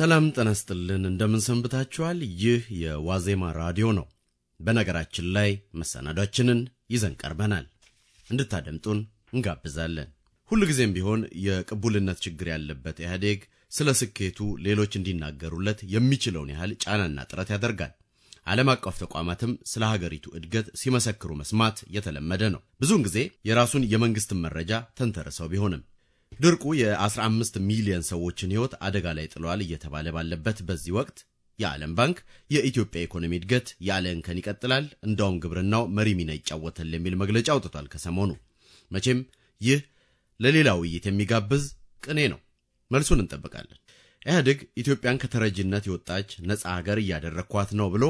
ሰላም ጠነስጥልን እንደምን ሰንብታችኋል? ይህ የዋዜማ ራዲዮ ነው። በነገራችን ላይ መሰናዷችንን ይዘን ቀርበናል። እንድታደምጡን እንጋብዛለን። ሁሉ ጊዜም ቢሆን የቅቡልነት ችግር ያለበት ኢህአዴግ ስለ ስኬቱ ሌሎች እንዲናገሩለት የሚችለውን ያህል ጫናና ጥረት ያደርጋል። ዓለም አቀፍ ተቋማትም ስለ ሀገሪቱ እድገት ሲመሰክሩ መስማት የተለመደ ነው። ብዙውን ጊዜ የራሱን የመንግስትን መረጃ ተንተርሰው ቢሆንም ድርቁ የ15 ሚሊዮን ሰዎችን ሕይወት አደጋ ላይ ጥለዋል እየተባለ ባለበት በዚህ ወቅት የዓለም ባንክ የኢትዮጵያ ኢኮኖሚ እድገት ያለ እንከን ይቀጥላል፣ እንዳውም ግብርናው መሪ ሚና ይጫወታል የሚል መግለጫ አውጥቷል። ከሰሞኑ መቼም ይህ ለሌላ ውይይት የሚጋብዝ ቅኔ ነው። መልሱን እንጠብቃለን። ኢህአዴግ ኢትዮጵያን ከተረጅነት የወጣች ነፃ ሀገር እያደረግኳት ነው ብሎ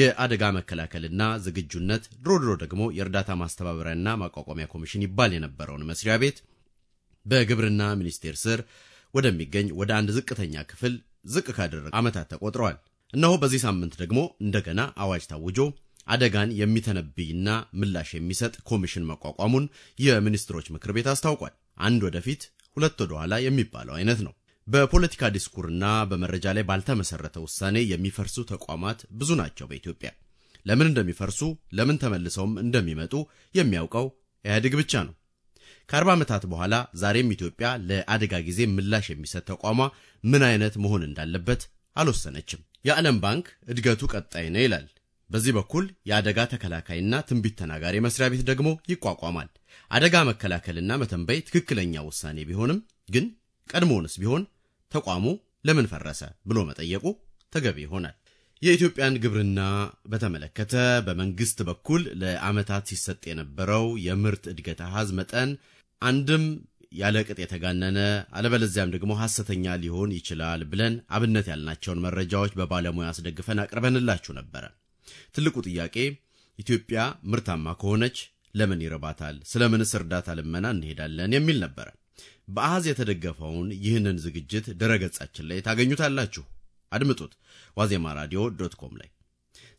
የአደጋ መከላከልና ዝግጁነት ድሮ ድሮ ደግሞ የእርዳታ ማስተባበሪያና ማቋቋሚያ ኮሚሽን ይባል የነበረውን መስሪያ ቤት በግብርና ሚኒስቴር ስር ወደሚገኝ ወደ አንድ ዝቅተኛ ክፍል ዝቅ ካደረገ ዓመታት ተቆጥረዋል። እነሆ በዚህ ሳምንት ደግሞ እንደገና አዋጅ ታውጆ አደጋን የሚተነብይና ምላሽ የሚሰጥ ኮሚሽን መቋቋሙን የሚኒስትሮች ምክር ቤት አስታውቋል። አንድ ወደፊት ሁለት ወደኋላ የሚባለው አይነት ነው። በፖለቲካ ዲስኩርና በመረጃ ላይ ባልተመሰረተ ውሳኔ የሚፈርሱ ተቋማት ብዙ ናቸው በኢትዮጵያ። ለምን እንደሚፈርሱ ለምን ተመልሰውም እንደሚመጡ የሚያውቀው ኢህአዴግ ብቻ ነው። ከ40 ዓመታት በኋላ ዛሬም ኢትዮጵያ ለአደጋ ጊዜ ምላሽ የሚሰጥ ተቋሟ ምን አይነት መሆን እንዳለበት አልወሰነችም። የዓለም ባንክ እድገቱ ቀጣይ ነው ይላል። በዚህ በኩል የአደጋ ተከላካይና ትንቢት ተናጋሪ መስሪያ ቤት ደግሞ ይቋቋማል። አደጋ መከላከልና መተንበይ ትክክለኛ ውሳኔ ቢሆንም ግን ቀድሞውንስ ቢሆን ተቋሙ ለምን ፈረሰ ብሎ መጠየቁ ተገቢ ይሆናል። የኢትዮጵያን ግብርና በተመለከተ በመንግስት በኩል ለዓመታት ሲሰጥ የነበረው የምርት እድገት አሃዝ መጠን አንድም ያለ ቅጥ የተጋነነ አለበለዚያም ደግሞ ሐሰተኛ ሊሆን ይችላል ብለን አብነት ያልናቸውን መረጃዎች በባለሙያ አስደግፈን አቅርበንላችሁ ነበረ። ትልቁ ጥያቄ ኢትዮጵያ ምርታማ ከሆነች ለምን ይረባታል? ስለምንስ እርዳታ ልመና እንሄዳለን? የሚል ነበረ። በአሃዝ የተደገፈውን ይህንን ዝግጅት ድረገጻችን ላይ ታገኙታላችሁ። አድምጡት። ዋዜማ ራዲዮ ዶት ኮም ላይ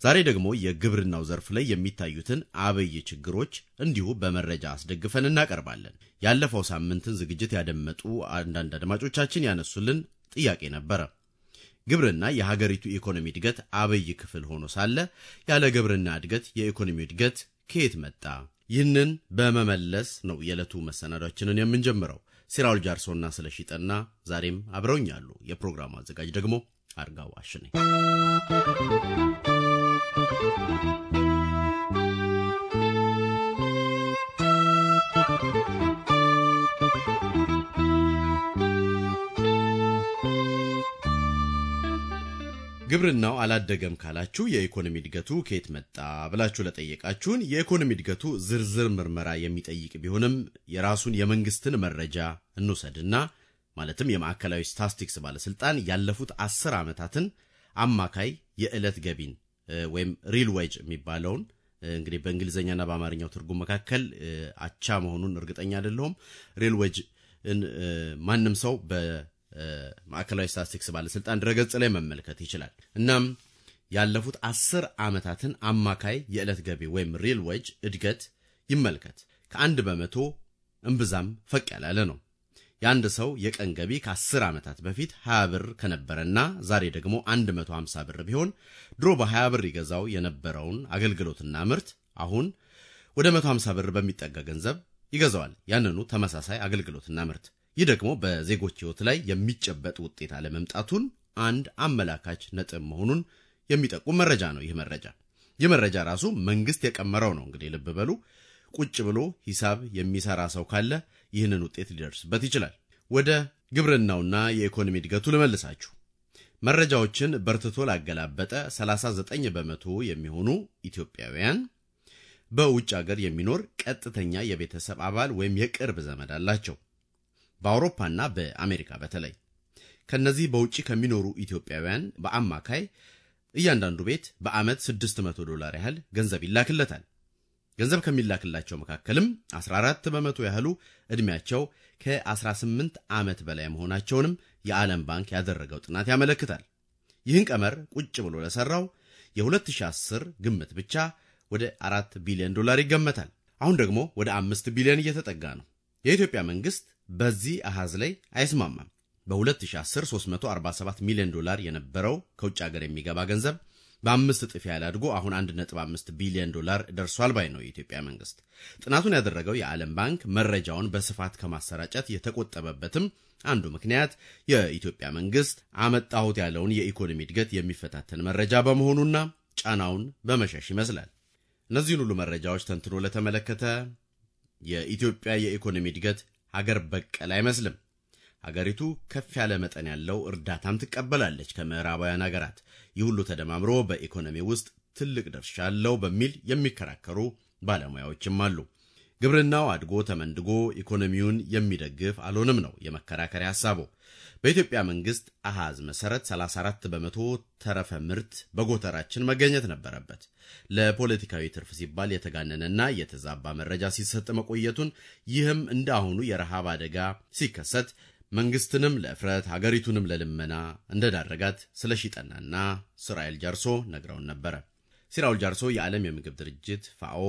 ዛሬ ደግሞ የግብርናው ዘርፍ ላይ የሚታዩትን አበይ ችግሮች እንዲሁ በመረጃ አስደግፈን እናቀርባለን። ያለፈው ሳምንትን ዝግጅት ያደመጡ አንዳንድ አድማጮቻችን ያነሱልን ጥያቄ ነበረ። ግብርና የሀገሪቱ ኢኮኖሚ እድገት አበይ ክፍል ሆኖ ሳለ ያለ ግብርና እድገት የኢኮኖሚ እድገት ከየት መጣ? ይህንን በመመለስ ነው የዕለቱ መሰናዷችንን የምንጀምረው። ሲራውል ጃርሶና ስለሺጠና ዛሬም አብረውኛሉ። የፕሮግራሙ አዘጋጅ ደግሞ አርጋዋሽ ነኝ። ግብርናው አላደገም ካላችሁ የኢኮኖሚ እድገቱ ከየት መጣ ብላችሁ ለጠየቃችሁን የኢኮኖሚ እድገቱ ዝርዝር ምርመራ የሚጠይቅ ቢሆንም የራሱን የመንግስትን መረጃ እንውሰድና ማለትም የማዕከላዊ ስታስቲክስ ባለስልጣን ያለፉት አስር ዓመታትን አማካይ የዕለት ገቢን ወይም ሪል ዌጅ የሚባለውን እንግዲህ በእንግሊዝኛና በአማርኛው ትርጉም መካከል አቻ መሆኑን እርግጠኛ አይደለሁም። ሪል ዌጅ ማንም ሰው በማዕከላዊ ስታስቲክስ ባለስልጣን ድረገጽ ላይ መመልከት ይችላል። እናም ያለፉት አስር ዓመታትን አማካይ የዕለት ገቢ ወይም ሪል ዌጅ እድገት ይመልከት። ከአንድ በመቶ እምብዛም ፈቅ ያላለ ነው። የአንድ ሰው የቀን ገቢ ከ10 ዓመታት በፊት 20 ብር ከነበረና ዛሬ ደግሞ 150 ብር ቢሆን ድሮ በ20 ብር ይገዛው የነበረውን አገልግሎትና ምርት አሁን ወደ 150 ብር በሚጠጋ ገንዘብ ይገዛዋል ያንኑ ተመሳሳይ አገልግሎትና ምርት። ይህ ደግሞ በዜጎች ሕይወት ላይ የሚጨበጥ ውጤት አለመምጣቱን አንድ አመላካች ነጥብ መሆኑን የሚጠቁም መረጃ ነው። ይህ መረጃ ይህ መረጃ ራሱ መንግስት የቀመረው ነው። እንግዲህ ልብ በሉ ቁጭ ብሎ ሂሳብ የሚሰራ ሰው ካለ ይህንን ውጤት ሊደርስበት ይችላል። ወደ ግብርናውና የኢኮኖሚ እድገቱ ልመልሳችሁ። መረጃዎችን በርትቶ ላገላበጠ 39 በመቶ የሚሆኑ ኢትዮጵያውያን በውጭ አገር የሚኖር ቀጥተኛ የቤተሰብ አባል ወይም የቅርብ ዘመድ አላቸው፣ በአውሮፓና በአሜሪካ በተለይ። ከነዚህ በውጭ ከሚኖሩ ኢትዮጵያውያን በአማካይ እያንዳንዱ ቤት በዓመት 600 ዶላር ያህል ገንዘብ ይላክለታል። ገንዘብ ከሚላክላቸው መካከልም 14 በመቶ ያህሉ ዕድሜያቸው ከ18 ዓመት በላይ መሆናቸውንም የዓለም ባንክ ያደረገው ጥናት ያመለክታል። ይህን ቀመር ቁጭ ብሎ ለሠራው የ2010 ግምት ብቻ ወደ 4 ቢሊዮን ዶላር ይገመታል። አሁን ደግሞ ወደ 5 ቢሊዮን እየተጠጋ ነው። የኢትዮጵያ መንግሥት በዚህ አሐዝ ላይ አይስማማም። በ2010 347 ሚሊዮን ዶላር የነበረው ከውጭ ሀገር የሚገባ ገንዘብ በአምስት እጥፍ ያህል አድጎ አሁን 1.5 ቢሊዮን ዶላር ደርሷል ባይ ነው የኢትዮጵያ መንግስት። ጥናቱን ያደረገው የዓለም ባንክ መረጃውን በስፋት ከማሰራጨት የተቆጠበበትም አንዱ ምክንያት የኢትዮጵያ መንግስት አመጣሁት ያለውን የኢኮኖሚ እድገት የሚፈታተን መረጃ በመሆኑና ጫናውን በመሸሽ ይመስላል። እነዚህን ሁሉ መረጃዎች ተንትኖ ለተመለከተ የኢትዮጵያ የኢኮኖሚ እድገት ሀገር በቀል አይመስልም። አገሪቱ ከፍ ያለ መጠን ያለው እርዳታም ትቀበላለች ከምዕራባውያን አገራት። ይህ ሁሉ ተደማምሮ በኢኮኖሚ ውስጥ ትልቅ ድርሻ አለው በሚል የሚከራከሩ ባለሙያዎችም አሉ። ግብርናው አድጎ ተመንድጎ ኢኮኖሚውን የሚደግፍ አልሆንም ነው የመከራከሪያ ሐሳቡ። በኢትዮጵያ መንግሥት አሃዝ መሠረት 34 በመቶ ተረፈ ምርት በጎተራችን መገኘት ነበረበት። ለፖለቲካዊ ትርፍ ሲባል የተጋነነና የተዛባ መረጃ ሲሰጥ መቆየቱን፣ ይህም እንደ አሁኑ የረሃብ አደጋ ሲከሰት መንግስትንም ለእፍረት ሀገሪቱንም ለልመና እንደዳረጋት ስለ ሺጠናና ስራኤል ጃርሶ ነግረውን ነበረ። ሲራውል ጃርሶ የዓለም የምግብ ድርጅት ፋኦ፣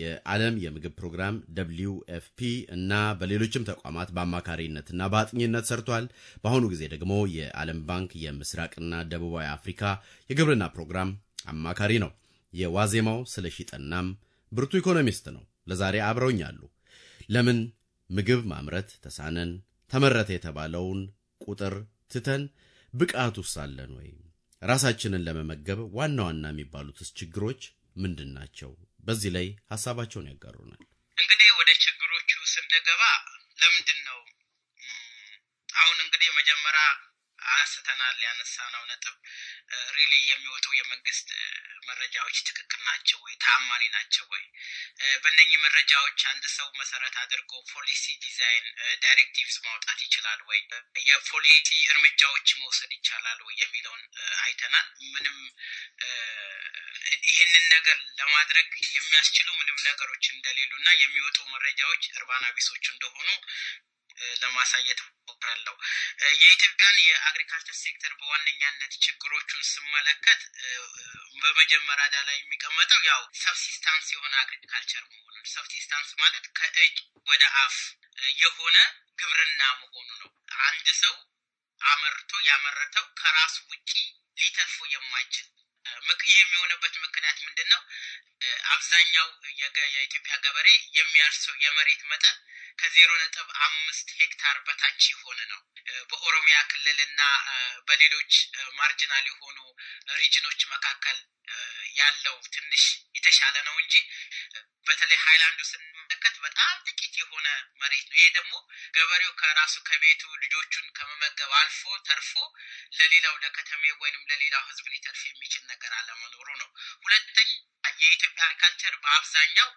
የዓለም የምግብ ፕሮግራም ደብሊው ኤፍ ፒ እና በሌሎችም ተቋማት በአማካሪነትና በአጥኚነት ሰርቷል። በአሁኑ ጊዜ ደግሞ የዓለም ባንክ የምስራቅና ደቡባዊ አፍሪካ የግብርና ፕሮግራም አማካሪ ነው። የዋዜማው ስለ ሺጠናም ብርቱ ኢኮኖሚስት ነው። ለዛሬ አብረውኛሉ። ለምን ምግብ ማምረት ተሳነን? ተመረተ የተባለውን ቁጥር ትተን ብቃት ውስጥ አለን ወይ? ራሳችንን ለመመገብ ዋና ዋና የሚባሉትስ ችግሮች ምንድን ናቸው? በዚህ ላይ ሀሳባቸውን ያጋሩናል። እንግዲህ ወደ ችግሮቹ ስንገባ ለምንድን ነው አሁን እንግዲህ መጀመሪያ አንስተናል። ያነሳነው ነጥብ ሪሊ የሚወጡ የመንግስት መረጃዎች ትክክል ናቸው ወይ? ተአማኒ ናቸው ወይ? በእነኚህ መረጃዎች አንድ ሰው መሰረት አድርጎ ፖሊሲ ዲዛይን ዳይሬክቲቭስ ማውጣት ይችላል ወይ? የፖሊሲ እርምጃዎች መውሰድ ይቻላል ወይ የሚለውን አይተናል። ምንም ይህንን ነገር ለማድረግ የሚያስችሉ ምንም ነገሮች እንደሌሉ እና የሚወጡ መረጃዎች እርባና ቢሶች እንደሆኑ ለማሳየት ሞክራለሁ። የኢትዮጵያን የአግሪካልቸር ሴክተር በዋነኛነት ችግሮቹን ስመለከት በመጀመሪያ ዳ ላይ የሚቀመጠው ያው ሰብሲስታንስ የሆነ አግሪካልቸር መሆኑን ሰብሲስታንስ ማለት ከእጅ ወደ አፍ የሆነ ግብርና መሆኑ ነው። አንድ ሰው አመርቶ ያመረተው ከራሱ ውጪ ሊተርፎ የማይችል ይህ የሚሆነበት ምክንያት ምንድን ነው? አብዛኛው የኢትዮጵያ ገበሬ የሚያርሰው የመሬት መጠን ከዜሮ ነጥብ አምስት ሄክታር በታች የሆነ ነው። በኦሮሚያ ክልል እና በሌሎች ማርጅናል የሆኑ ሪጅኖች መካከል ያለው ትንሽ የተሻለ ነው እንጂ በተለይ ሀይላንዱ ስን የሚመለከት በጣም ጥቂት የሆነ መሬት ነው። ይሄ ደግሞ ገበሬው ከራሱ ከቤቱ ልጆቹን ከመመገብ አልፎ ተርፎ ለሌላው ለከተሜ ወይንም ለሌላው ህዝብ ሊተርፍ የሚችል ነገር አለመኖሩ ነው። ሁለተኛ የኢትዮጵያ አግሪካልቸር በአብዛኛው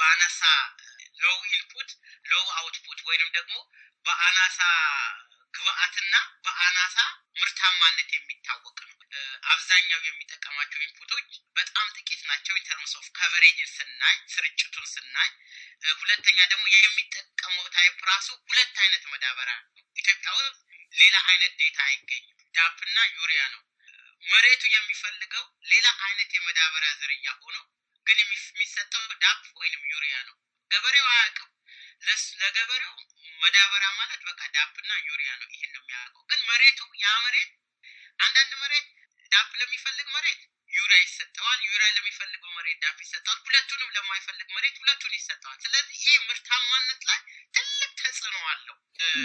በአነሳ ሎው ኢንፑት ሎው አውትፑት ወይንም ደግሞ በአናሳ ግብአትና በአናሳ ምርታማነት የሚታወቅ ነው። አብዛኛው የሚጠቀማቸው ኢንፑቶች በጣም ጥቂት ናቸው። ኢንተርምስ ኦፍ ከቨሬጅን ስናይ ስርጭቱን ስናይ፣ ሁለተኛ ደግሞ የሚጠቀመው ታይፕ ራሱ ሁለት አይነት መዳበሪያ ነው። ኢትዮጵያ ውስጥ ሌላ አይነት ዴታ አይገኝም። ዳፕና ዩሪያ ነው። መሬቱ የሚፈልገው ሌላ አይነት የመዳበሪያ ዝርያ ሆኖ ግን የሚሰጠው ዳፕ ወይንም ዩሪያ ነው። ገበሬው አያቅም ለገበሬው መዳበሪያ ማለት በቃ ዳፕና ዩሪያ ነው። ይህን ነው የሚያደርገው። ግን መሬቱ ያ መሬት አንዳንድ መሬት ዳፕ ለሚፈልግ መሬት ዩሪያ ይሰጠዋል። ዩሪያ ለሚፈልገው መሬት ዳፕ ይሰጠዋል። ሁለቱንም ለማይፈልግ መሬት ሁለቱን ይሰጠዋል። ስለዚህ ይሄ ምርታማነት ላይ ትልቅ ተጽዕኖ አለው።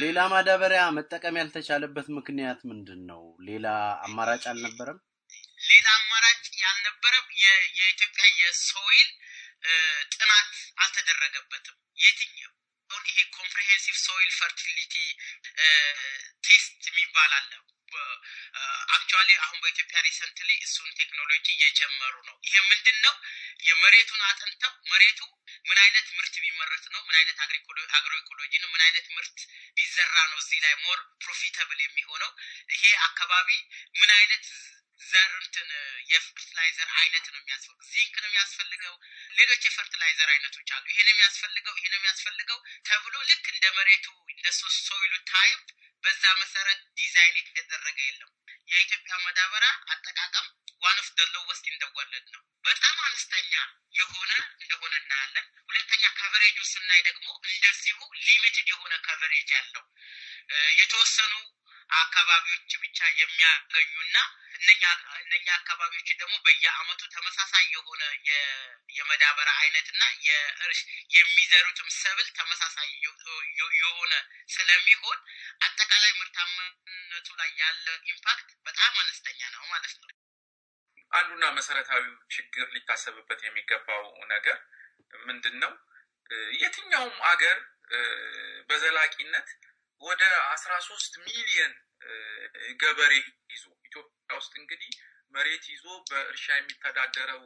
ሌላ ማዳበሪያ መጠቀም ያልተቻለበት ምክንያት ምንድን ነው? ሌላ አማራጭ አልነበረም። ሌላ አማራጭ ያልነበረም የኢትዮጵያ የሶይል ጥናት አልተደረገበትም። የትኛው አሁን ይሄ ኮምፕሬሄንሲቭ ሶይል ፈርቲሊቲ ቴስት የሚባል አለ። አክቹዋሊ አሁን በኢትዮጵያ ሪሰንትሊ እሱን ቴክኖሎጂ እየጀመሩ ነው። ይሄ ምንድን ነው? የመሬቱን አጥንተው መሬቱ ምን አይነት ምርት ቢመረት ነው፣ ምን አይነት አግሮ ኢኮሎጂ ነው፣ ምን አይነት ምርት ቢዘራ ነው እዚህ ላይ ሞር ፕሮፊታብል የሚሆነው፣ ይሄ አካባቢ ምን አይነት ዘር እንትን የፈርትላይዘር አይነት ነው የሚያስፈልገው። ዚንክ ነው የሚያስፈልገው። ሌሎች የፈርትላይዘር አይነቶች አሉ። ይሄ ነው የሚያስፈልገው፣ ይሄ ነው የሚያስፈልገው ተብሎ ልክ እንደ መሬቱ እንደ ሶይሉ ታይፕ በዛ መሰረት ዲዛይን የተደረገ የለም። የኢትዮጵያ መዳበሪያ አጠቃቀም ዋን ኦፍ ደ ሎወስት እንደወለድ ነው። በጣም አነስተኛ የሆነ እንደሆነ እናያለን። ሁለተኛ ከቨሬጁ ስናይ ደግሞ እንደዚሁ ሊሚትድ የሆነ ከቨሬጅ ያለው የተወሰኑ አካባቢዎች ብቻ የሚያገኙና እነኛ አካባቢዎች ደግሞ በየአመቱ ተመሳሳይ የሆነ የመዳበራ አይነት እና የሚዘሩትም ሰብል ተመሳሳይ የሆነ ስለሚሆን አጠቃላይ ምርታማነቱ ላይ ያለ ኢምፓክት በጣም አነስተኛ ነው ማለት ነው። አንዱና መሰረታዊው ችግር ሊታሰብበት የሚገባው ነገር ምንድን ነው? የትኛውም አገር በዘላቂነት ወደ አስራ ሶስት ሚሊየን ገበሬ ይዞ ውስጥ እንግዲህ መሬት ይዞ በእርሻ የሚተዳደረው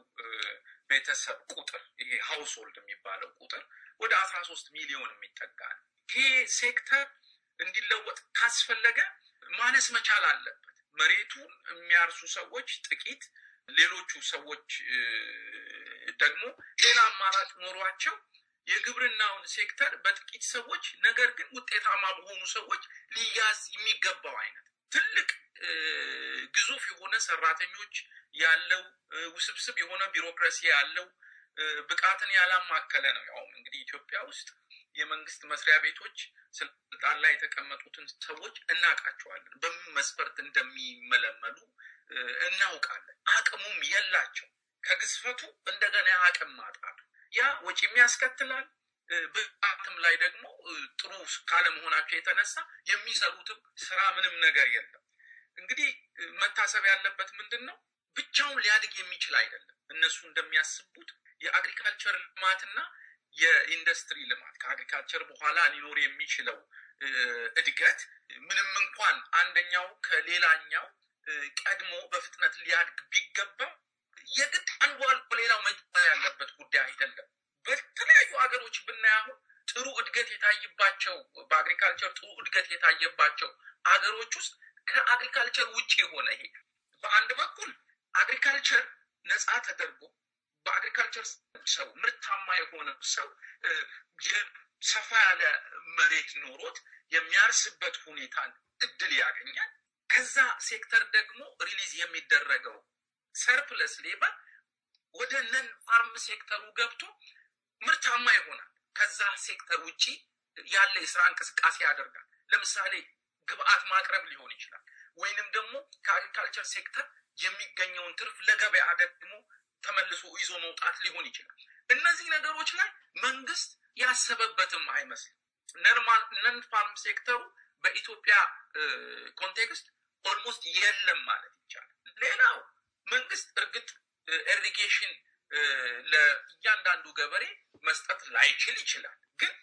ቤተሰብ ቁጥር ይሄ ሀውስሆልድ የሚባለው ቁጥር ወደ አስራ ሶስት ሚሊዮን የሚጠጋ ነው። ይሄ ሴክተር እንዲለወጥ ካስፈለገ ማነስ መቻል አለበት። መሬቱን የሚያርሱ ሰዎች ጥቂት፣ ሌሎቹ ሰዎች ደግሞ ሌላ አማራጭ ኖሯቸው የግብርናውን ሴክተር በጥቂት ሰዎች ነገር ግን ውጤታማ በሆኑ ሰዎች ሊያዝ የሚገባው አይነት ትልቅ ግዙፍ የሆነ ሰራተኞች ያለው ውስብስብ የሆነ ቢሮክራሲ ያለው ብቃትን ያላማከለ ነው። ያውም እንግዲህ ኢትዮጵያ ውስጥ የመንግስት መስሪያ ቤቶች ስልጣን ላይ የተቀመጡትን ሰዎች እናውቃቸዋለን። በምን መስፈርት እንደሚመለመሉ እናውቃለን። አቅሙም የላቸው ከግዝፈቱ እንደገና አቅም ማጣቱ ያ ወጪም ያስከትላል፣ ብቃትም ላይ ደግሞ ጥሩ ካለመሆናቸው የተነሳ የሚሰሩትም ስራ ምንም ነገር የለም። እንግዲህ መታሰብ ያለበት ምንድን ነው? ብቻውን ሊያድግ የሚችል አይደለም። እነሱ እንደሚያስቡት የአግሪካልቸር ልማትና የኢንዱስትሪ ልማት ከአግሪካልቸር በኋላ ሊኖር የሚችለው እድገት ምንም እንኳን አንደኛው ከሌላኛው ቀድሞ በፍጥነት ሊያድግ ቢገባ የግድ አንዱ አልቆ ሌላው መጀመር ያለበት ጉዳይ አይደለም። ሀገሮች ብናያሁን ጥሩ እድገት የታይባቸው በአግሪካልቸር ጥሩ እድገት የታየባቸው ሀገሮች ውስጥ ከአግሪካልቸር ውጭ የሆነ ይሄ በአንድ በኩል አግሪካልቸር ነፃ ተደርጎ በአግሪካልቸር ሰው ምርታማ የሆነ ሰው ሰፋ ያለ መሬት ኖሮት የሚያርስበት ሁኔታን እድል ያገኛል። ከዛ ሴክተር ደግሞ ሪሊዝ የሚደረገው ሰርፕለስ ሌበር ወደ ነን ፋርም ሴክተሩ ገብቶ ምርታማ ይሆናል። ከዛ ሴክተር ውጭ ያለ የስራ እንቅስቃሴ ያደርጋል። ለምሳሌ ግብአት ማቅረብ ሊሆን ይችላል። ወይንም ደግሞ ከአግሪካልቸር ሴክተር የሚገኘውን ትርፍ ለገበያ ደግሞ ተመልሶ ይዞ መውጣት ሊሆን ይችላል። እነዚህ ነገሮች ላይ መንግስት ያሰበበትም አይመስልም። ነን ፋርም ሴክተሩ በኢትዮጵያ ኮንቴክስት ኦልሞስት የለም ማለት ይቻላል። ሌላው መንግስት እርግጥ ኤሪጌሽን ለእያንዳንዱ ገበሬ መስጠት ላይችል ይችላል። ግን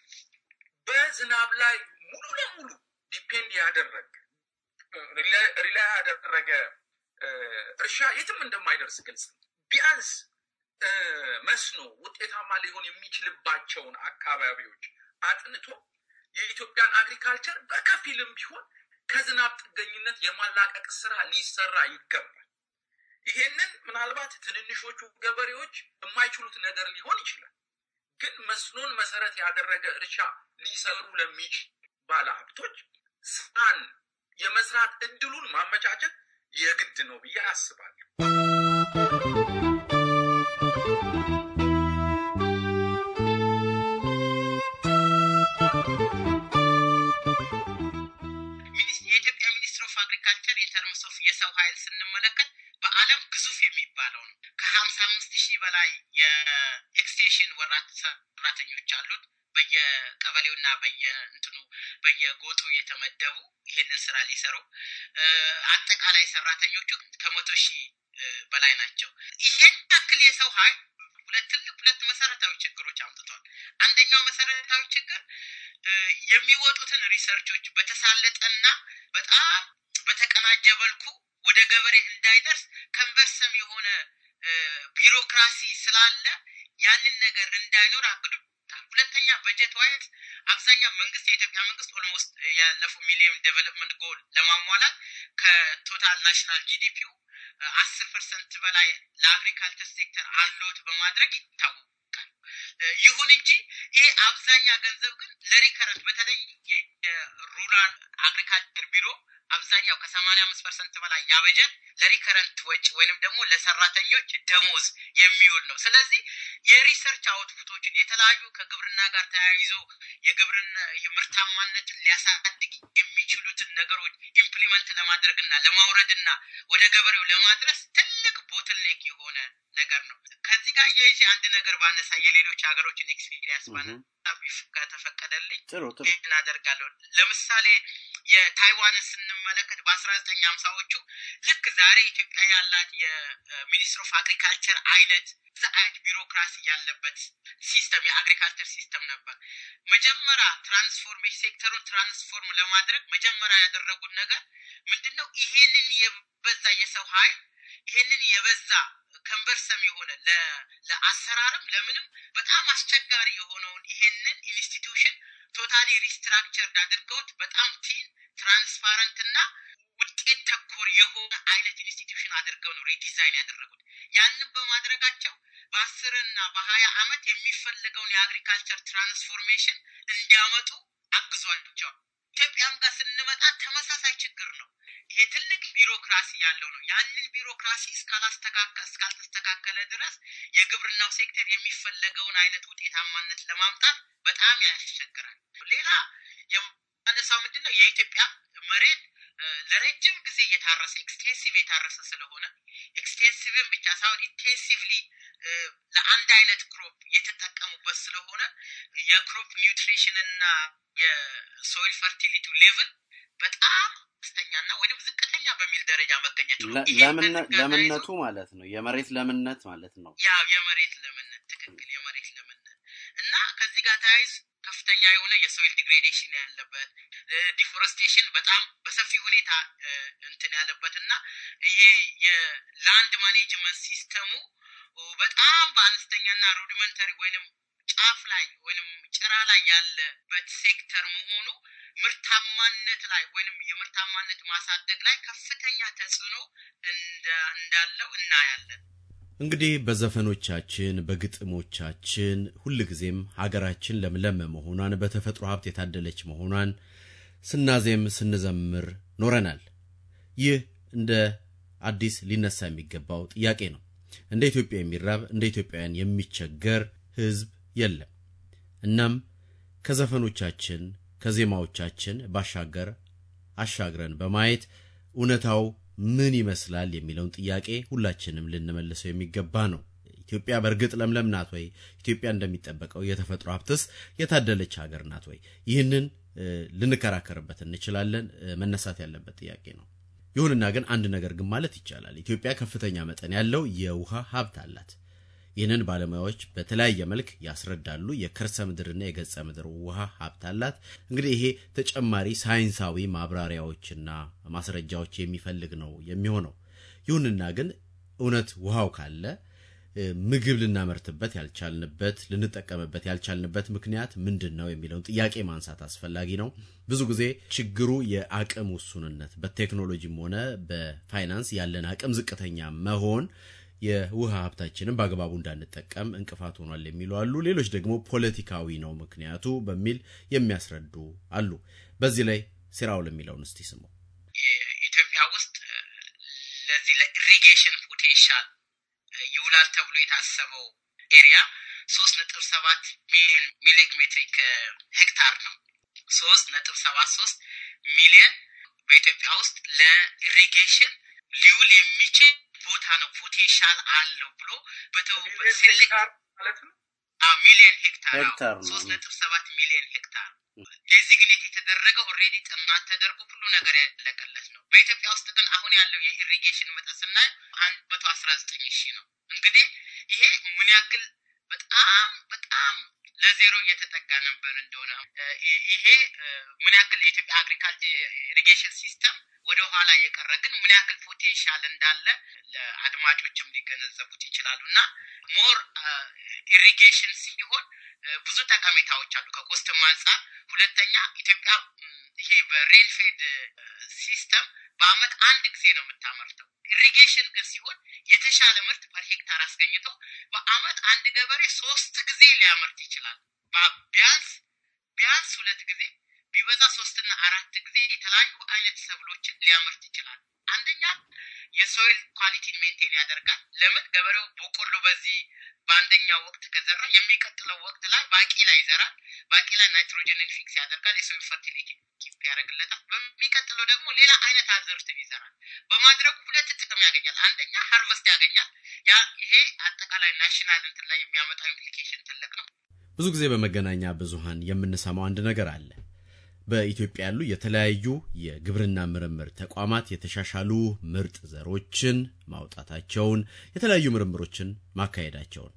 በዝናብ ላይ ሙሉ ለሙሉ ዲፔንድ ያደረገ ሪላይ ያደረገ እርሻ የትም እንደማይደርስ ግልጽ ነው። ቢያንስ መስኖ ውጤታማ ሊሆን የሚችልባቸውን አካባቢዎች አጥንቶ የኢትዮጵያን አግሪካልቸር በከፊልም ቢሆን ከዝናብ ጥገኝነት የማላቀቅ ስራ ሊሰራ ይገባል። ይሄንን ምናልባት ትንንሾቹ ገበሬዎች የማይችሉት ነገር ሊሆን ይችላል። ግን መስኖን መሰረት ያደረገ እርሻ ሊሰሩ ለሚች ባለሀብቶች ስራን የመስራት እድሉን ማመቻቸት የግድ ነው ብዬ አስባለሁ። የኢትዮጵያ ሚኒስትር ኦፍ አግሪካልቸር ኢን ኦፍ የሰው ኃይል ስንመለከት ግድብ ግዙፍ የሚባለው ነው። ከሀምሳ አምስት ሺህ በላይ የኤክስቴንሽን ወራት ሰራተኞች አሉት በየቀበሌውና በየእንትኑ በየጎጡ እየተመደቡ ይህንን ስራ ሊሰሩ አጠቃላይ ሰራተኞቹ ከመቶ ሺህ በላይ ናቸው። ይሄን ያክል የሰው ሀይ ሁለት ትልቅ ሁለት መሰረታዊ ችግሮች አምጥቷል። አንደኛው መሰረታዊ ችግር የሚወጡትን ሪሰርቾች በተሳለጠና በጣም በተቀናጀ መልኩ ወደ ገበሬ እንዳይደርስ ከንቨርሰም የሆነ ቢሮክራሲ ስላለ ያንን ነገር እንዳይኖር አግዱ ሁለተኛ በጀት ዋይት አብዛኛው መንግስት የኢትዮጵያ መንግስት ኦልሞስት ያለፉ ሚሊኒየም ዴቨሎፕመንት ጎል ለማሟላት ከቶታል ናሽናል ጂዲፒው አስር ፐርሰንት በላይ ለአግሪካልቸር ሴክተር አሎት በማድረግ ይታወቃል። ይሁን እንጂ ይሄ አብዛኛ ገንዘብ ግን ለሪከረንት በተለይ የሩራል አግሪካልቸር ቢሮ አብዛኛው ከሰማንያ አምስት ፐርሰንት በላይ ያበጀን ለሪከረንት ወጪ ወይንም ደግሞ ለሰራተኞች ደሞዝ የሚውል ነው። ስለዚህ የሪሰርች አውትፑቶችን የተለያዩ ከግብርና ጋር ተያይዞ የግብርና ምርታማነትን ሊያሳድግ የሚችሉትን ነገሮች ኢምፕሊመንት ለማድረግና ለማውረድና ወደ ገበሬው ለማድረስ ትልቅ ቦትልኔክ የሆነ ነገር ነው። ከዚህ ጋር የይዜ አንድ ነገር ባነሳ የሌሎች ሀገሮችን ኤክስፒሪንስ ባነሳ ከተፈቀደልኝ እናደርጋለሁ። ለምሳሌ የታይዋን ስንም ስንመለከት በአስራ ዘጠኝ ሀምሳዎቹ ልክ ዛሬ ኢትዮጵያ ያላት የሚኒስትር ኦፍ አግሪካልቸር አይነት ዘአይት ቢሮክራሲ ያለበት ሲስተም የአግሪካልቸር ሲስተም ነበር። መጀመሪያ ትራንስፎርም ሴክተሩን ትራንስፎርም ለማድረግ መጀመሪያ ያደረጉት ነገር ምንድነው ይሄንን የበዛ የሰው ኃይል ይሄንን የበዛ ከንበርሰም የሆነ ለአሰራርም ለምንም በጣም አስቸጋሪ የሆነውን ይሄንን ኢንስቲትዩሽን ቶታሊ ሪስትራክቸርድ አድርገውት በጣም ቲን ትራንስፓረንት እና ውጤት ተኮር የሆነ አይነት ኢንስቲትዩሽን አድርገው ነው ሪዲዛይን ያደረጉት። ያንን በማድረጋቸው በአስርና በሀያ አመት የሚፈለገውን የአግሪካልቸር ትራንስፎርሜሽን እንዲያመጡ አግዟቸዋል። ኢትዮጵያም ጋር ስንመጣ ተመሳሳይ ችግር ነው። ትልቅ ቢሮክራሲ ያለው ነው። ያንን ቢሮክራሲ እስካልተስተካከለ ድረስ የግብርናው ሴክተር የሚፈለገውን አይነት ውጤታማነት ለማምጣት በጣም ያስቸግራል። ሌላ ያነሳው ምንድነው የኢትዮጵያ መሬት ለረጅም ጊዜ እየታረሰ ኤክስቴንሲቭ የታረሰ ስለሆነ ኤክስቴንሲቭን ብቻ ሳይሆን ኢንቴንሲቭሊ ለአንድ አይነት ክሮፕ የተጠቀሙበት ስለሆነ የክሮፕ ኒውትሪሽን እና የሶይል ፈርቲሊቲ ሌቭል በጣም አነስተኛና ወይም ዝቅተኛ በሚል ደረጃ መገኘት ነው። ለምነቱ ማለት ነው የመሬት ለምነት ማለት ነው። ያው የመሬት ለምነት ትክክል፣ የመሬት ለምነት እና ከዚህ ጋር ተያይዝ ከፍተኛ የሆነ የሶይል ዲግሬዴሽን ያለበት ዲፎረስቴሽን በጣም በሰፊ ሁኔታ እንትን ያለበት እና ይሄ የላንድ ማኔጅመንት ሲስተሙ በጣም በአነስተኛና ሩዲመንተሪ ወይንም ጫፍ ላይ ወይንም ጭራ ላይ ያለበት ሴክተር መሆኑ ምርታማነት ላይ ወይንም የምርታማነት ማሳደግ ላይ ከፍተኛ ተጽዕኖ እንዳለው እናያለን። እንግዲህ በዘፈኖቻችን በግጥሞቻችን ሁልጊዜም ሀገራችን ለምለም መሆኗን በተፈጥሮ ሀብት የታደለች መሆኗን ስናዜም ስንዘምር ኖረናል። ይህ እንደ አዲስ ሊነሳ የሚገባው ጥያቄ ነው። እንደ ኢትዮጵያ የሚራብ እንደ ኢትዮጵያውያን የሚቸገር ሕዝብ የለም። እናም ከዘፈኖቻችን ከዜማዎቻችን ባሻገር አሻግረን በማየት እውነታው ምን ይመስላል የሚለውን ጥያቄ ሁላችንም ልንመልሰው የሚገባ ነው። ኢትዮጵያ በእርግጥ ለምለም ናት ወይ? ኢትዮጵያ እንደሚጠበቀው የተፈጥሮ ሀብትስ የታደለች ሀገር ናት ወይ? ይህንን ልንከራከርበት እንችላለን። መነሳት ያለበት ጥያቄ ነው። ይሁንና ግን አንድ ነገር ግን ማለት ይቻላል ኢትዮጵያ ከፍተኛ መጠን ያለው የውሃ ሀብት አላት። ይህንን ባለሙያዎች በተለያየ መልክ ያስረዳሉ። የከርሰ ምድርና የገጸ ምድር ውሃ ሀብት አላት። እንግዲህ ይሄ ተጨማሪ ሳይንሳዊ ማብራሪያዎችና ማስረጃዎች የሚፈልግ ነው የሚሆነው። ይሁንና ግን እውነት ውሃው ካለ ምግብ ልናመርትበት ያልቻልንበት ልንጠቀምበት ያልቻልንበት ምክንያት ምንድን ነው የሚለውን ጥያቄ ማንሳት አስፈላጊ ነው። ብዙ ጊዜ ችግሩ የአቅም ውሱንነት፣ በቴክኖሎጂም ሆነ በፋይናንስ ያለን አቅም ዝቅተኛ መሆን የውሃ ሀብታችንን በአግባቡ እንዳንጠቀም እንቅፋት ሆኗል የሚሉ አሉ። ሌሎች ደግሞ ፖለቲካዊ ነው ምክንያቱ በሚል የሚያስረዱ አሉ። በዚህ ላይ ሲራውል ለሚለውን እስቲ ስሙ። ኢትዮጵያ ውስጥ ለዚህ ለኢሪጌሽን ፖቴንሻል ይውላል ተብሎ የታሰበው ኤሪያ ሶስት ነጥብ ሰባት ሚሊዮን ሚሊክ ሜትሪክ ሄክታር ነው። ሶስት ነጥብ ሰባት ሶስት ሚሊዮን በኢትዮጵያ ውስጥ ለኢሪጌሽን ሊውል የሚችል ቦታ ነው ፖቴንሻል አለው ብሎ ሚሊዮን ሄክታር ሶስት ነጥብ ሰባት ሚሊዮን ሄክታር ዴዚግኔት የተደረገ ኦሬዲ ጥናት ተደርጎ ሁሉ ነገር ያለቀለት ነው። በኢትዮጵያ ውስጥ ግን አሁን ያለው የኢሪጌሽን መጠን ስናየ አንድ መቶ አስራ ዘጠኝ ሺ ነው። እንግዲህ ይሄ ምን ያክል በጣም በጣም ለዜሮ እየተጠጋ ነበር እንደሆነ ይሄ ምን ያክል የኢትዮጵያ አግሪካል ኢሪጌሽን ሲስተም ወደኋላ የቀረ ግን ምን ያክል ፖቴንሻል እንዳለ ለአድማጮችም ሊገነዘቡት ይችላሉ እና ሞር ኢሪጌሽን uh, ሲሆን uh, ብዙ ጠቀሜታዎች አሉ ከኮስትም አንጻር። ሁለተኛ ኢትዮጵያ um, ይሄ በሬልፌድ uh, ሲስተም በአመት አንድ ጊዜ ነው የምታመርተው። ኢሪጌሽን ግን ሲሆን የተሻለ ምርት ፐር ሄክታር አስገኝተው በአመት አንድ ገበሬ ሶስት ጊዜ ሊያመርት ይችላል። ቢያንስ ቢያንስ ሁለት ጊዜ ቢበዛ ሶስትና አራት ጊዜ የተለያዩ አይነት ሰብሎችን ሊያመርት ይችላል። አንደኛ የሶይል ኳሊቲ ሜንቴን ያደርጋል። ለምን ገበሬው በቆሎ በዚህ በአንደኛ ወቅት ከዘራ የሚቀጥለው ወቅት ላይ ባቄላ ይዘራል። ባቄላ ናይትሮጅንን ፊክስ ያደርጋል። የሶይል ፈርቲሊቲ ኪፕ ያደርግለታል። በሚቀጥለው ደግሞ ሌላ አይነት አዝርትን ይዘራል። በማድረጉ ሁለት ጥቅም ያገኛል። አንደኛ ሀርቨስት ያገኛል። ያ ይሄ አጠቃላይ ናሽናል እንትን ላይ የሚያመጣው ኢምፕሊኬሽን ትልቅ ነው። ብዙ ጊዜ በመገናኛ ብዙሃን የምንሰማው አንድ ነገር አለ በኢትዮጵያ ያሉ የተለያዩ የግብርና ምርምር ተቋማት የተሻሻሉ ምርጥ ዘሮችን ማውጣታቸውን፣ የተለያዩ ምርምሮችን ማካሄዳቸውን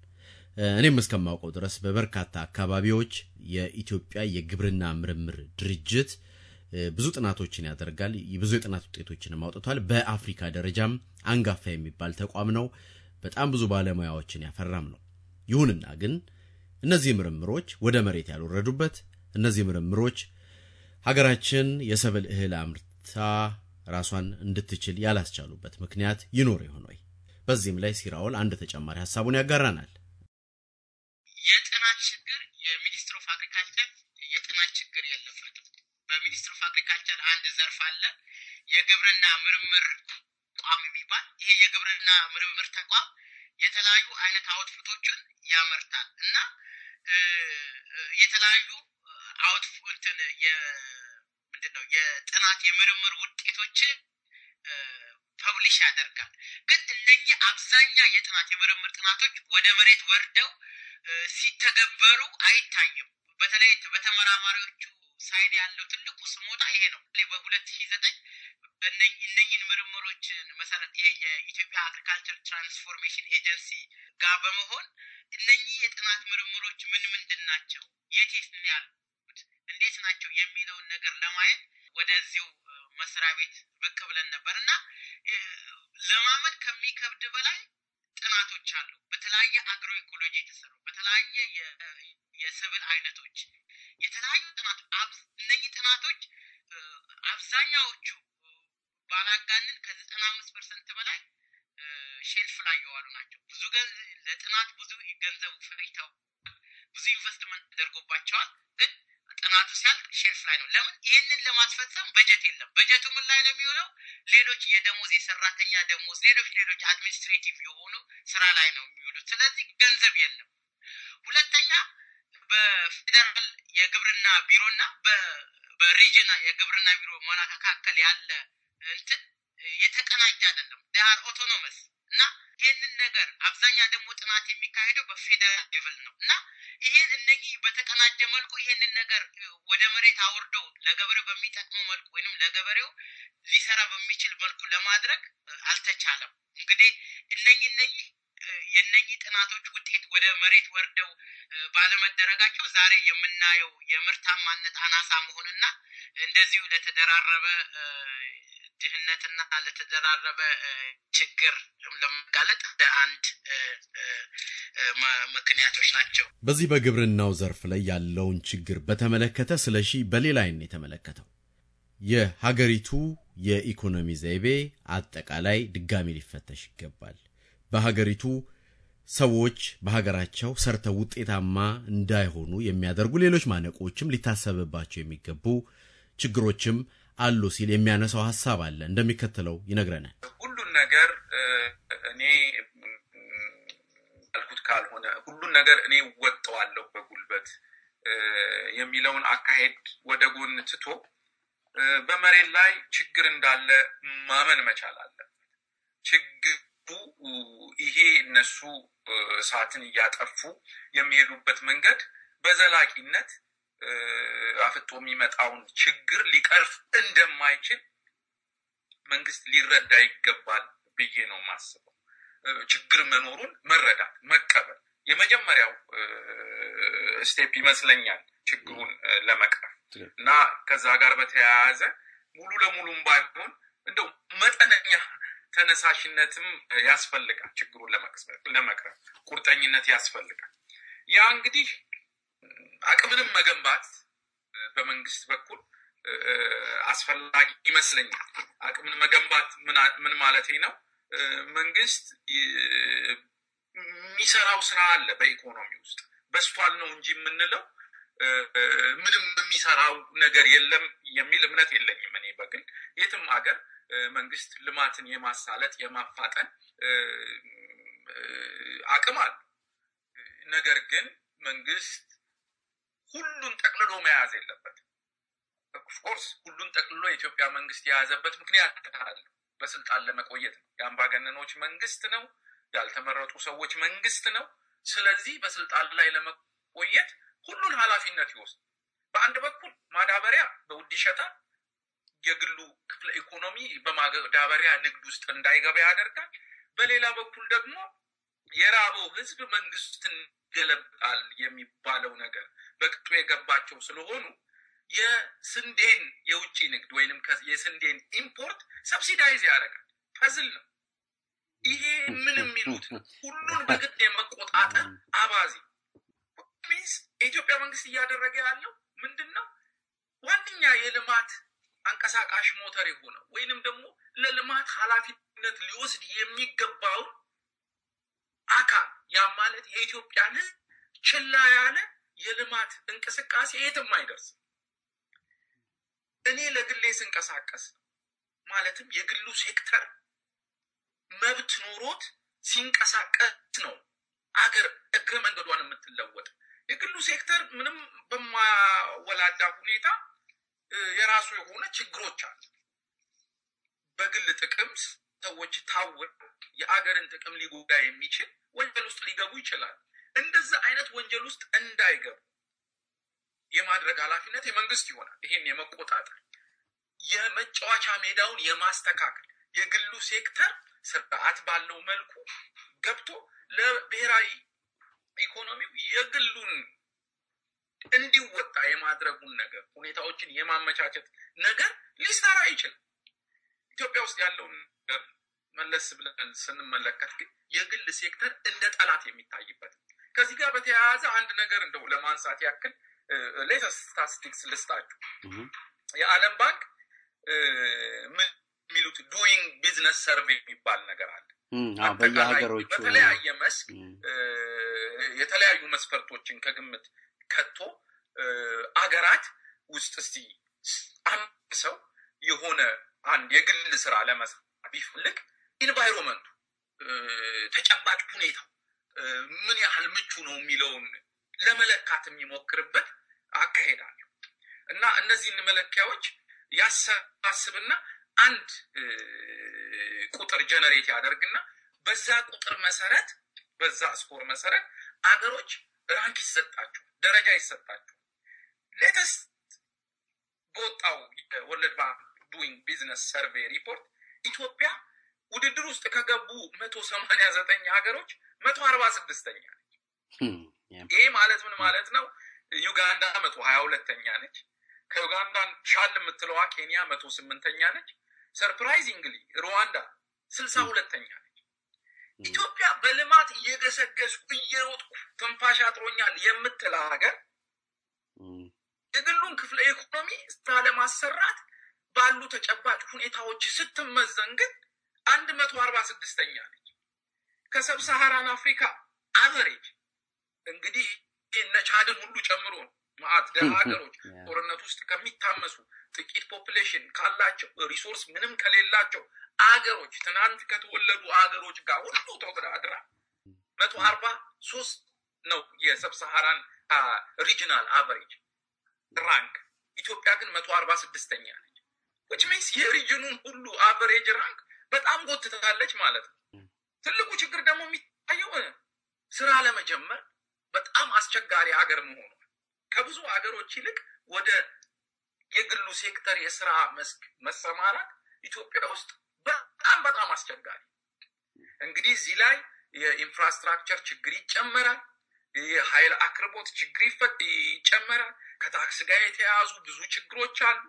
እኔም እስከማውቀው ድረስ በበርካታ አካባቢዎች የኢትዮጵያ የግብርና ምርምር ድርጅት ብዙ ጥናቶችን ያደርጋል። ብዙ የጥናት ውጤቶችንም አውጥቷል። በአፍሪካ ደረጃም አንጋፋ የሚባል ተቋም ነው። በጣም ብዙ ባለሙያዎችን ያፈራም ነው። ይሁንና ግን እነዚህ ምርምሮች ወደ መሬት ያልወረዱበት እነዚህ ምርምሮች ሀገራችን የሰብል እህል አምርታ ራሷን እንድትችል ያላስቻሉበት ምክንያት ይኖር ይሆን ወይ? በዚህም ላይ ሲራውል አንድ ተጨማሪ ሀሳቡን ያጋራናል። የጥናት ችግር የሚኒስትር ኦፍ አግሪካልቸር የጥናት ችግር የለበትም። በሚኒስትር ኦፍ አግሪካልቸር አንድ ዘርፍ አለ፣ የግብርና ምርምር ተቋም የሚባል ይሄ የግብርና ምርምር ተቋም የተለያዩ አይነት አውትፑቶችን ያመርታል እና የተለያዩ አውትፑትን ምንድን ነው የጥናት የምርምር ውጤቶችን ፐብሊሽ ያደርጋል። ግን እነኚህ አብዛኛ የጥናት የምርምር ጥናቶች ወደ መሬት ወርደው ሲተገበሩ አይታይም። በተለይ በተመራማሪዎቹ ሳይድ ያለው ትልቁ ስሞታ ይሄ ነው። በሁለት ሺ ዘጠኝ እነኝን ምርምሮችን መሰረት ይሄ የኢትዮጵያ አግሪካልቸር ትራንስፎርሜሽን ኤጀንሲ ጋር በመሆን እነኚህ የጥናት ምርምሮች ምን ምንድን ናቸው? የት የት ያሉ እንዴት ናቸው የሚለውን ነገር ለማየት ወደዚሁ መስሪያ ቤት ብቅ ብለን ነበር እና ለማመን ከሚከብድ በላይ ጥናቶች አሉ። በተለያየ አግሮ ኢኮሎጂ የተሰሩ በተለያየ የሰብል አይነቶች የተለያዩ ጥናቶች እነኚህ ጥናቶች አብዛኛዎቹ ባላጋንን ከዘጠና አምስት ፐርሰንት በላይ ሼልፍ ላይ የዋሉ ናቸው። ብዙ ለጥናት ብዙ ገንዘቡ ፈጅተው ብዙ ኢንቨስትመንት ተደርጎባቸዋል ግን ጥናቱ ሲያልቅ ሼልፍ ላይ ነው። ለምን ይህንን ለማስፈጸም በጀት የለም። በጀቱ ምን ላይ ነው የሚውለው? ሌሎች የደሞዝ የሰራተኛ ደሞዝ፣ ሌሎች ሌሎች አድሚኒስትሬቲቭ የሆኑ ስራ ላይ ነው የሚውሉት። ስለዚህ ገንዘብ የለም። ሁለተኛ በፌደራል የግብርና ቢሮና በሪጅና የግብርና ቢሮ መሆና መካከል ያለ እንትን የተቀናጀ አይደለም። ዳር ኦቶኖመስ እና ይህንን ነገር አብዛኛ ደግሞ ጥናት የሚካሄደው በፌደራል ሌቭል ነው እና ይሄን እነኚህ በተቀናጀ መልኩ ይህንን ነገር ወደ መሬት አውርዶ ለገበሬው በሚጠቅመው መልኩ ወይም ለገበሬው ሊሰራ በሚችል መልኩ ለማድረግ አልተቻለም። እንግዲህ እነኚህ እነኚህ የእነኚህ ጥናቶች ውጤት ወደ መሬት ወርደው ባለመደረጋቸው ዛሬ የምናየው የምርታማነት አናሳ መሆንና እንደዚሁ ለተደራረበ ድህነትና ለተደራረበ ችግር ለመጋለጥ እንደ አንድ ምክንያቶች ናቸው። በዚህ በግብርናው ዘርፍ ላይ ያለውን ችግር በተመለከተ ስለሺ በሌላ አይን የተመለከተው የሀገሪቱ የኢኮኖሚ ዘይቤ አጠቃላይ ድጋሚ ሊፈተሽ ይገባል። በሀገሪቱ ሰዎች በሀገራቸው ሰርተው ውጤታማ እንዳይሆኑ የሚያደርጉ ሌሎች ማነቆችም ሊታሰብባቸው የሚገቡ ችግሮችም አሉ ሲል የሚያነሳው ሀሳብ አለ። እንደሚከተለው ይነግረናል። ሁሉን ነገር እኔ ያልኩት ካልሆነ ሁሉን ነገር እኔ ወጠዋለሁ በጉልበት የሚለውን አካሄድ ወደ ጎን ትቶ በመሬት ላይ ችግር እንዳለ ማመን መቻል አለ። ችግሩ ይሄ እነሱ እሳትን እያጠፉ የሚሄዱበት መንገድ በዘላቂነት አፍቶ የሚመጣውን ችግር ሊቀርፍ እንደማይችል መንግስት ሊረዳ ይገባል ብዬ ነው የማስበው። ችግር መኖሩን መረዳት መቀበል የመጀመሪያው ስቴፕ ይመስለኛል ችግሩን ለመቅረፍ እና ከዛ ጋር በተያያዘ ሙሉ ለሙሉም ባይሆን እንደው መጠነኛ ተነሳሽነትም ያስፈልጋል። ችግሩን ለመቅረፍ ቁርጠኝነት ያስፈልጋል። ያ እንግዲህ አቅምንም መገንባት በመንግስት በኩል አስፈላጊ ይመስለኛል። አቅምን መገንባት ምን ማለት ነው? መንግስት የሚሰራው ስራ አለ በኢኮኖሚ ውስጥ በስቷል ነው እንጂ የምንለው ምንም የሚሰራው ነገር የለም የሚል እምነት የለኝም። እኔ በግል የትም ሀገር መንግስት ልማትን የማሳለጥ የማፋጠን አቅም አለ። ነገር ግን መንግስት ሁሉን ጠቅልሎ መያዝ የለበትም። ኦፍኮርስ ሁሉን ጠቅልሎ የኢትዮጵያ መንግስት የያዘበት ምክንያት አለ። በስልጣን ለመቆየት ነው። የአምባገነኖች መንግስት ነው። ያልተመረጡ ሰዎች መንግስት ነው። ስለዚህ በስልጣን ላይ ለመቆየት ሁሉን ኃላፊነት ይወስድ። በአንድ በኩል ማዳበሪያ በውድ ይሸጣል። የግሉ ክፍለ ኢኮኖሚ በማዳበሪያ ንግድ ውስጥ እንዳይገባ ያደርጋል። በሌላ በኩል ደግሞ የራበው ህዝብ መንግስትን ይገለብጣል የሚባለው ነገር በቅጡ የገባቸው ስለሆኑ የስንዴን የውጭ ንግድ ወይንም የስንዴን ኢምፖርት ሰብሲዳይዝ ያደርጋል። ፐዝል ነው ይሄ። ምን የሚሉት ሁሉን በግድ የመቆጣጠር አባዜ ሚንስ የኢትዮጵያ መንግስት እያደረገ ያለው ምንድን ነው? ዋነኛ የልማት አንቀሳቃሽ ሞተር የሆነው ወይንም ደግሞ ለልማት ኃላፊነት ሊወስድ የሚገባውን አካል ያ ማለት የኢትዮጵያን ህዝብ ችላ ያለ የልማት እንቅስቃሴ የትም አይደርስም። እኔ ለግሌ ስንቀሳቀስ ማለትም የግሉ ሴክተር መብት ኖሮት ሲንቀሳቀስ ነው አገር እግረ መንገዷን የምትለወጥ። የግሉ ሴክተር ምንም በማወላዳ ሁኔታ የራሱ የሆነ ችግሮች አሉ። በግል ጥቅም ሰዎች ታውር የአገርን ጥቅም ሊጎዳ የሚችል ወንጀል ውስጥ ሊገቡ ይችላል። እንደዚህ አይነት ወንጀል ውስጥ እንዳይገቡ የማድረግ ኃላፊነት የመንግስት ይሆናል። ይህን የመቆጣጠር የመጫወቻ ሜዳውን የማስተካከል የግሉ ሴክተር ስርዓት ባለው መልኩ ገብቶ ለብሔራዊ ኢኮኖሚው የግሉን እንዲወጣ የማድረጉን ነገር ሁኔታዎችን የማመቻቸት ነገር ሊሰራ ይችላል። ኢትዮጵያ ውስጥ ያለውን ነገር መለስ ብለን ስንመለከት ግን የግል ሴክተር እንደ ጠላት የሚታይበት ከዚህ ጋር በተያያዘ አንድ ነገር እንደው ለማንሳት ያክል ሌተር ስታስቲክስ ልስጣችሁ። የአለም ባንክ ምን የሚሉት ዱዊንግ ቢዝነስ ሰርቬ የሚባል ነገር አለ። በተለያየ መስክ የተለያዩ መስፈርቶችን ከግምት ከቶ አገራት ውስጥ እስቲ አንድ ሰው የሆነ አንድ የግል ስራ ለመስራት ቢፈልግ ኢንቫይሮመንቱ ተጨባጭ ሁኔታው ምን ያህል ምቹ ነው የሚለውን ለመለካት የሚሞክርበት አካሄድ አለው እና እነዚህን መለኪያዎች ያሰባስብና አንድ ቁጥር ጀነሬት ያደርግና በዛ ቁጥር መሰረት በዛ ስኮር መሰረት አገሮች ራንክ ይሰጣቸው፣ ደረጃ ይሰጣቸው። ሌተስት በወጣው ወለድ ባንክ ዱንግ ቢዝነስ ሰርቬይ ሪፖርት ኢትዮጵያ ውድድር ውስጥ ከገቡ መቶ ሰማኒያ ዘጠኝ ሀገሮች መቶ አርባ ስድስተኛ ነች። hmm, ይህ ማለት ምን ማለት ነው? ዩጋንዳ መቶ ሀያ ሁለተኛ ነች። ከዩጋንዳ ሻል የምትለዋ ኬንያ መቶ ስምንተኛ ነች። ሰርፕራይዚንግሊ ሩዋንዳ ስልሳ ሁለተኛ ነች። hmm. ኢትዮጵያ በልማት እየገሰገስኩ እየሮጥኩ ትንፋሽ አጥሮኛል የምትል ሀገር hmm. የግሉን ክፍለ ኢኮኖሚ ስራ ለማሰራት ባሉ ተጨባጭ ሁኔታዎች ስትመዘን ግን አንድ መቶ አርባ ስድስተኛ ነች። ከሰብሳሃራን አፍሪካ አቨሬጅ እንግዲህ እነ ቻድን ሁሉ ጨምሮ ማአት ሀገሮች ጦርነት ውስጥ ከሚታመሱ ጥቂት ፖፕሌሽን ካላቸው ሪሶርስ ምንም ከሌላቸው አገሮች ትናንት ከተወለዱ አገሮች ጋር ሁሉ ተወዳድራ መቶ አርባ ሶስት ነው የሰብሳሃራን ሪጅናል አቨሬጅ ራንክ። ኢትዮጵያ ግን መቶ አርባ ስድስተኛ ነች። ዊች ሚንስ የሪጅኑን ሁሉ አቨሬጅ ራንክ በጣም ጎትታለች ማለት ነው። ትልቁ ችግር ደግሞ የሚታየው ስራ ለመጀመር በጣም አስቸጋሪ ሀገር መሆኑ ከብዙ ሀገሮች ይልቅ ወደ የግሉ ሴክተር የስራ መስክ መሰማራት ኢትዮጵያ ውስጥ በጣም በጣም አስቸጋሪ። እንግዲህ እዚህ ላይ የኢንፍራስትራክቸር ችግር ይጨመራል። የኃይል አቅርቦት ችግር ይፈ ይጨመራል። ከታክስ ጋር የተያያዙ ብዙ ችግሮች አሉ።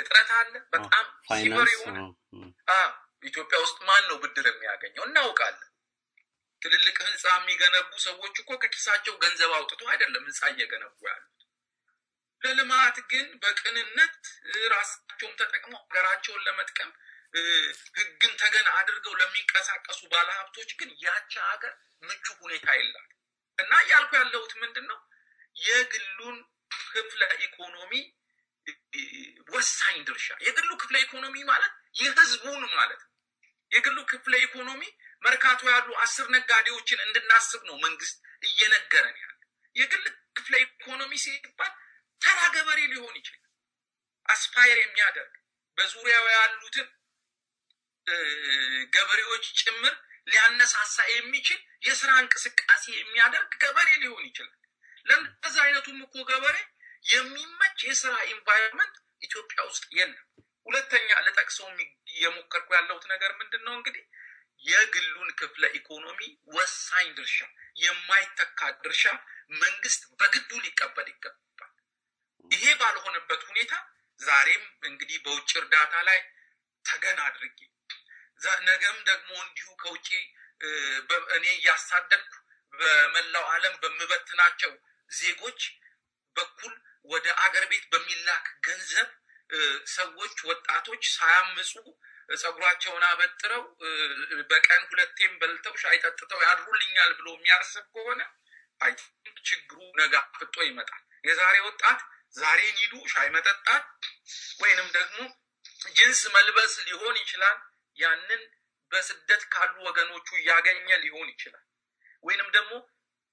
እጥረት አለ። በጣም ሲበር የሆነ ኢትዮጵያ ውስጥ ማን ነው ብድር የሚያገኘው? እናውቃለን። ትልልቅ ህንፃ የሚገነቡ ሰዎች እኮ ከኪሳቸው ገንዘብ አውጥቶ አይደለም ህንፃ እየገነቡ ያሉት። ለልማት ግን በቅንነት ራሳቸውም ተጠቅመው ሀገራቸውን ለመጥቀም ህግን ተገን አድርገው ለሚንቀሳቀሱ ባለሀብቶች ግን ያቺ ሀገር ምቹ ሁኔታ የላት እና እያልኩ ያለሁት ምንድን ነው የግሉን ክፍለ ኢኮኖሚ ወሳኝ ድርሻ የግሉ ክፍለ ኢኮኖሚ ማለት የህዝቡን ማለት ነው። የግሉ ክፍለ ኢኮኖሚ መርካቶ ያሉ አስር ነጋዴዎችን እንድናስብ ነው መንግስት እየነገረን ያለ። የግል ክፍለ ኢኮኖሚ ሲባል ተራ ገበሬ ሊሆን ይችላል። አስፓየር የሚያደርግ በዙሪያው ያሉትን ገበሬዎች ጭምር ሊያነሳሳ የሚችል የስራ እንቅስቃሴ የሚያደርግ ገበሬ ሊሆን ይችላል። ለእንደዚህ አይነቱም እኮ ገበሬ የሚመች የስራ ኢንቫይሮንመንት ኢትዮጵያ ውስጥ የለም። ሁለተኛ ልጠቅሰው የሞከርኩ ያለሁት ነገር ምንድን ነው እንግዲህ የግሉን ክፍለ ኢኮኖሚ ወሳኝ ድርሻ የማይተካ ድርሻ መንግስት በግዱ ሊቀበል ይገባል። ይሄ ባልሆነበት ሁኔታ ዛሬም እንግዲህ በውጭ እርዳታ ላይ ተገን አድርጌ ነገም ደግሞ እንዲሁ ከውጭ እኔ እያሳደድኩ በመላው ዓለም በምበትናቸው ዜጎች በኩል ወደ አገር ቤት በሚላክ ገንዘብ ሰዎች ወጣቶች ሳያምፁ ጸጉራቸውን አበጥረው በቀን ሁለቴም በልተው ሻይ ጠጥተው ያድሩልኛል ብሎ የሚያስብ ከሆነ አይ ቲንክ ችግሩ ነገ ፍጦ ይመጣል። የዛሬ ወጣት ዛሬን ሂዱ ሻይ መጠጣት ወይንም ደግሞ ጅንስ መልበስ ሊሆን ይችላል። ያንን በስደት ካሉ ወገኖቹ እያገኘ ሊሆን ይችላል። ወይንም ደግሞ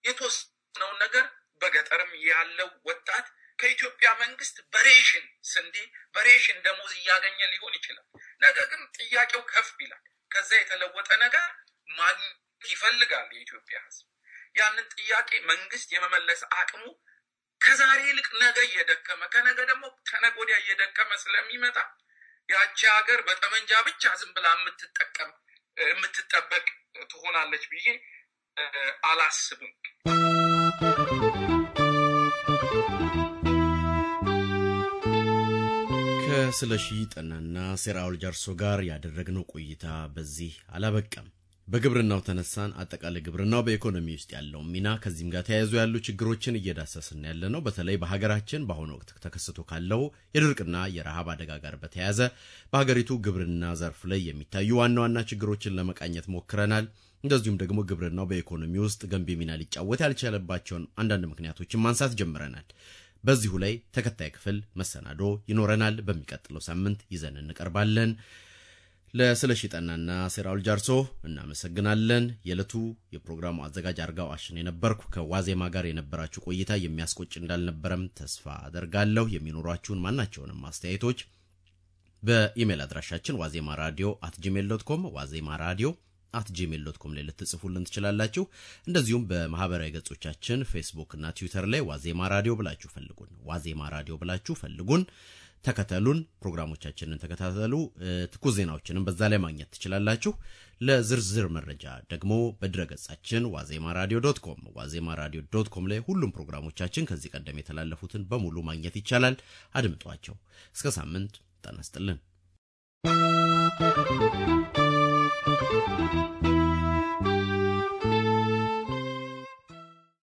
የተወሰነውን ነገር በገጠርም ያለው ወጣት ከኢትዮጵያ መንግስት በሬሽን ስንዴ በሬሽን ደሞዝ እያገኘ ሊሆን ይችላል። ነገር ግን ጥያቄው ከፍ ይላል። ከዛ የተለወጠ ነገር ማግኘት ይፈልጋል የኢትዮጵያ ህዝብ ያንን ጥያቄ መንግስት የመመለስ አቅሙ ከዛሬ ይልቅ ነገ እየደከመ ከነገ ደግሞ ከነገ ወዲያ እየደከመ ስለሚመጣ ያቺ ሀገር በጠመንጃ ብቻ ዝም ብላ የምትጠቀም የምትጠበቅ ትሆናለች ብዬ አላስብም። ከስለሺ ጠናና ሴራውል ጃርሶ ጋር ያደረግነው ቆይታ በዚህ አላበቀም በግብርናው ተነሳን። አጠቃላይ ግብርናው በኢኮኖሚ ውስጥ ያለው ሚና ከዚህም ጋር ተያይዞ ያሉ ችግሮችን እየዳሰስን ያለ ነው። በተለይ በሀገራችን በአሁኑ ወቅት ተከስቶ ካለው የድርቅና የረሃብ አደጋ ጋር በተያያዘ በሀገሪቱ ግብርና ዘርፍ ላይ የሚታዩ ዋና ዋና ችግሮችን ለመቃኘት ሞክረናል። እንደዚሁም ደግሞ ግብርናው በኢኮኖሚ ውስጥ ገንቢ ሚና ሊጫወት ያልቻለባቸውን አንዳንድ ምክንያቶችን ማንሳት ጀምረናል። በዚሁ ላይ ተከታይ ክፍል መሰናዶ ይኖረናል። በሚቀጥለው ሳምንት ይዘን እንቀርባለን። ለስለሽጠናና ሺጠናና ሴራውል ጃርሶ እናመሰግናለን። የዕለቱ የፕሮግራሙ አዘጋጅ አርጋው አሽን የነበርኩ። ከዋዜማ ጋር የነበራችሁ ቆይታ የሚያስቆጭ እንዳልነበረም ተስፋ አደርጋለሁ። የሚኖሯችሁን ማናቸውንም አስተያየቶች በኢሜይል አድራሻችን ዋዜማ ራዲዮ አት ጂሜል ዶት ኮም ዋዜማ ራዲዮ አት ጂሜል ዶት ኮም ላይ ልትጽፉልን ትችላላችሁ። እንደዚሁም በማህበራዊ ገጾቻችን ፌስቡክ እና ትዊተር ላይ ዋዜማ ራዲዮ ብላችሁ ፈልጉን። ዋዜማ ራዲዮ ብላችሁ ፈልጉን፣ ተከተሉን፣ ፕሮግራሞቻችንን ተከታተሉ። ትኩስ ዜናዎችንም በዛ ላይ ማግኘት ትችላላችሁ። ለዝርዝር መረጃ ደግሞ በድረገጻችን ዋዜማ ራዲዮ ዶት ኮም ዋዜማ ራዲዮ ዶት ኮም ላይ ሁሉም ፕሮግራሞቻችን ከዚህ ቀደም የተላለፉትን በሙሉ ማግኘት ይቻላል። አድምጧቸው። እስከ ሳምንት ጤና ይስጥልን። えっ?